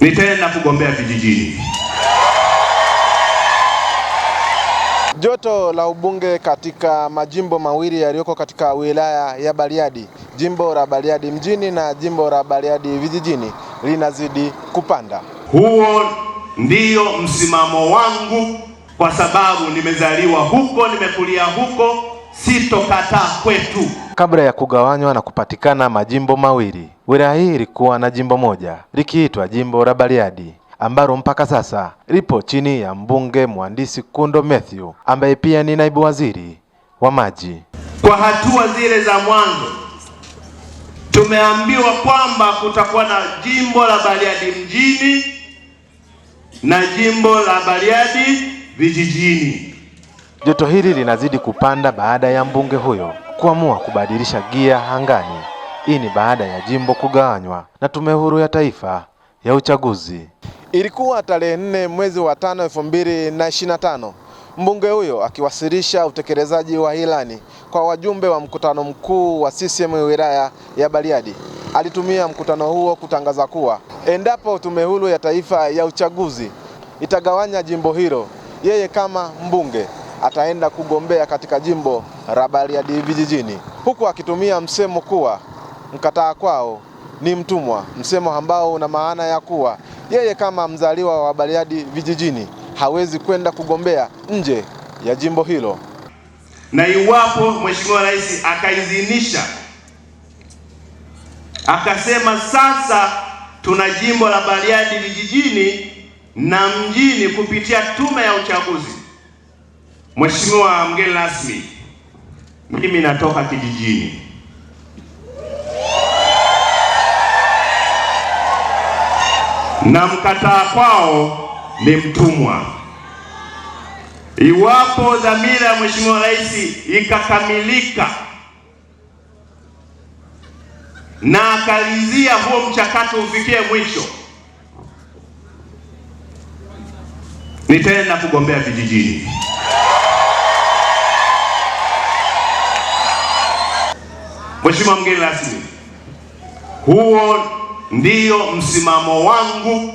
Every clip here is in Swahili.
nitaenda kugombea vijijini. Joto la ubunge katika majimbo mawili yaliyoko katika wilaya ya Bariadi, jimbo la Bariadi mjini na jimbo la Bariadi vijijini linazidi kupanda. Huo ndiyo msimamo wangu, kwa sababu nimezaliwa huko, nimekulia huko, sitokataa kwetu kabla ya kugawanywa na kupatikana majimbo mawili. Wilaya hii ilikuwa na jimbo moja likiitwa jimbo la Bariadi ambalo mpaka sasa lipo chini ya mbunge mhandisi Kundo Matthew ambaye pia ni naibu waziri wa maji. Kwa hatua zile za mwanzo tumeambiwa kwamba kutakuwa na jimbo la Bariadi mjini na jimbo la Bariadi vijijini. Joto hili linazidi kupanda baada ya mbunge huyo kuamua kubadilisha gia angani. Hii ni baada ya jimbo kugawanywa na Tume Huru ya Taifa ya Uchaguzi. Ilikuwa tarehe nne mwezi wa tano elfu mbili na ishirini na tano mbunge huyo akiwasilisha utekelezaji wa ilani kwa wajumbe wa mkutano mkuu wa CCM wilaya ya Bariadi. Alitumia mkutano huo kutangaza kuwa endapo Tume Huru ya Taifa ya Uchaguzi itagawanya jimbo hilo, yeye kama mbunge ataenda kugombea katika jimbo la Bariadi Vijijini, huku akitumia msemo kuwa mkataa kwao ni mtumwa, msemo ambao una maana ya kuwa yeye kama mzaliwa wa Bariadi Vijijini hawezi kwenda kugombea nje ya jimbo hilo. Na iwapo Mheshimiwa Rais akaidhinisha akasema sasa tuna jimbo la Bariadi Vijijini na mjini kupitia tume ya uchaguzi Mheshimiwa mgeni rasmi, mimi natoka kijijini na mkataa kwao ni mtumwa. Iwapo dhamira ya Mheshimiwa Rais ikakamilika na akalizia huo mchakato ufikie mwisho, nitaenda kugombea vijijini. Mheshimiwa mgeni rasmi, huo ndio msimamo wangu,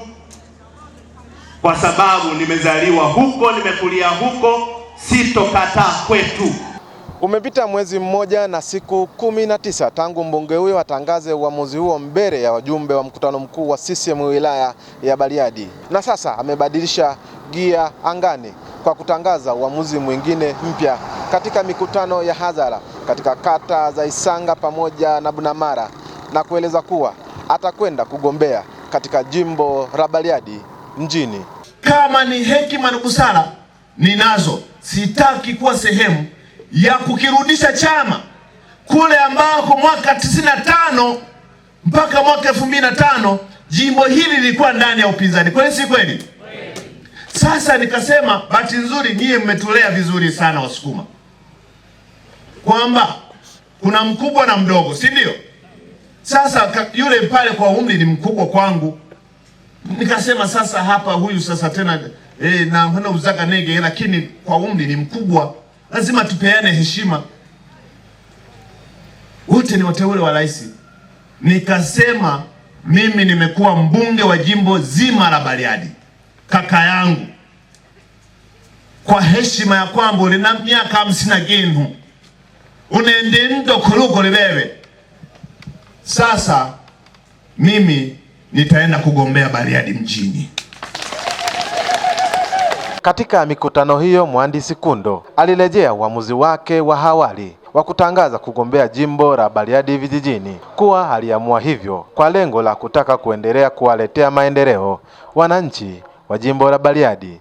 kwa sababu nimezaliwa huko, nimekulia huko, sitokataa kwetu. Umepita mwezi mmoja na siku kumi na tisa tangu mbunge huyo atangaze uamuzi huo mbele ya wajumbe wa mkutano mkuu wa CCM wilaya ya Bariadi, na sasa amebadilisha gia angani kwa kutangaza uamuzi mwingine mpya katika mikutano ya hadhara katika kata za Isanga pamoja na Bunamara na kueleza kuwa atakwenda kugombea katika jimbo la Bariadi mjini. Kama ni hekima na busara ninazo, sitaki kuwa sehemu ya kukirudisha chama kule ambako mwaka 95 mpaka mwaka 2005 jimbo hili lilikuwa ndani ya upinzani, kweli si kweli? Sasa nikasema bahati nzuri nyie mmetulea vizuri sana Wasukuma kwamba kuna mkubwa na mdogo, si ndio? Sasa yule pale kwa umri ni mkubwa kwangu, nikasema sasa hapa huyu sasa tena e, na hana uzaka nege, lakini kwa umri ni mkubwa, lazima tupeane heshima. Wote ni wateule wa rais. Nikasema mimi nimekuwa mbunge wa jimbo zima la Bariadi, kaka yangu, kwa heshima ya kwamba ulina miaka hamsini na genu mdo kuruko libebe. Sasa mimi nitaenda kugombea Bariadi mjini. Katika mikutano hiyo mhandisi Kundo alirejea uamuzi wake wa awali wa kutangaza kugombea jimbo la Bariadi vijijini, kuwa aliamua hivyo kwa lengo la kutaka kuendelea kuwaletea maendeleo wananchi wa jimbo la Bariadi.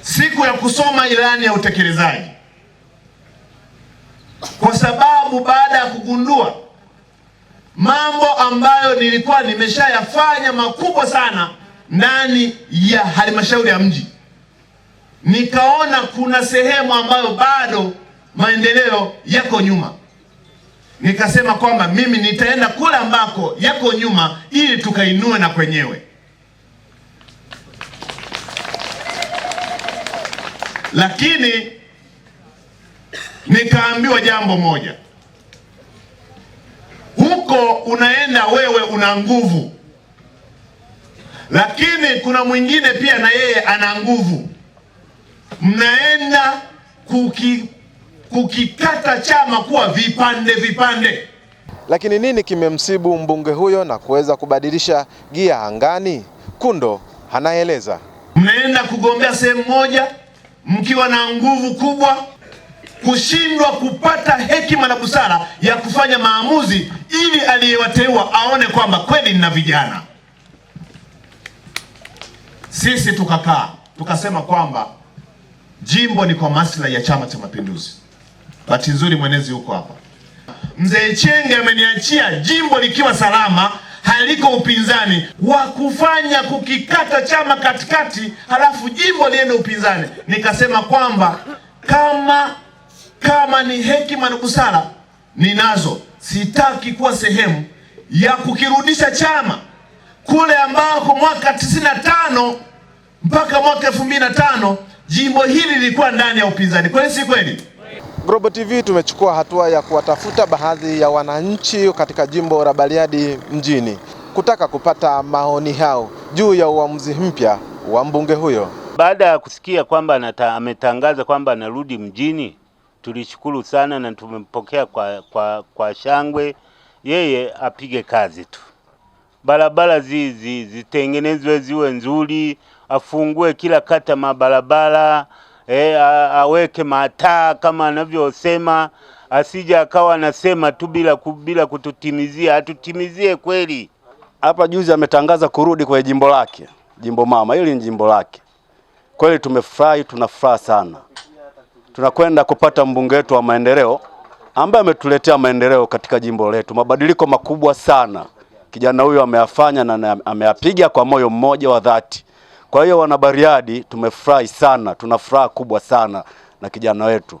Siku ya kusoma ilani ya utekelezaji kwa sababu baada ya kugundua mambo ambayo nilikuwa nimeshayafanya makubwa sana ndani ya halmashauri ya mji, nikaona kuna sehemu ambayo bado maendeleo yako nyuma. Nikasema kwamba mimi nitaenda kule ambako yako nyuma ili tukainue na kwenyewe. Lakini nikaambiwa jambo moja, huko unaenda wewe una nguvu, lakini kuna mwingine pia na yeye ana nguvu, mnaenda kuki, kukikata chama kuwa vipande vipande. Lakini nini kimemsibu mbunge huyo na kuweza kubadilisha gia angani? Kundo anaeleza. Mnaenda kugombea sehemu moja mkiwa na nguvu kubwa, kushindwa kupata hekima na busara ya kufanya maamuzi, ili aliyewateua aone kwamba kweli nina vijana. Sisi tukakaa tukasema kwamba jimbo ni kwa maslahi ya Chama cha Mapinduzi. Bahati nzuri mwenezi huko hapa, mzee Chenge ameniachia jimbo likiwa salama haliko upinzani wa kufanya kukikata chama katikati, halafu jimbo liende upinzani. Nikasema kwamba kama kama ni hekima na busara ninazo, sitaki kuwa sehemu ya kukirudisha chama kule ambako mwaka tisini na tano mpaka mwaka elfu mbili na tano jimbo hili lilikuwa ndani ya upinzani. Kweli si kweli? Global TV tumechukua hatua ya kuwatafuta baadhi ya wananchi katika jimbo la Bariadi mjini kutaka kupata maoni yao juu ya uamuzi mpya wa mbunge huyo baada ya kusikia kwamba ametangaza kwamba anarudi mjini tulishukuru sana na tumempokea kwa, kwa, kwa shangwe. Yeye apige kazi tu, barabara zizi zitengenezwe ziwe nzuri, afungue kila kata mabarabara e, aweke mataa kama anavyosema, asija akawa anasema tu bila, bila kututimizia, atutimizie kweli. Hapa juzi ametangaza kurudi kwenye jimbo lake, jimbo mama, hili ni jimbo lake kweli. Tumefurahi, tunafuraha sana tunakwenda kupata mbunge wetu wa maendeleo ambaye ametuletea maendeleo katika jimbo letu, mabadiliko makubwa sana kijana huyu ameyafanya na ameyapiga kwa moyo mmoja wa dhati. Kwa hiyo, wanabariadi tumefurahi sana, tuna furaha kubwa sana na kijana wetu.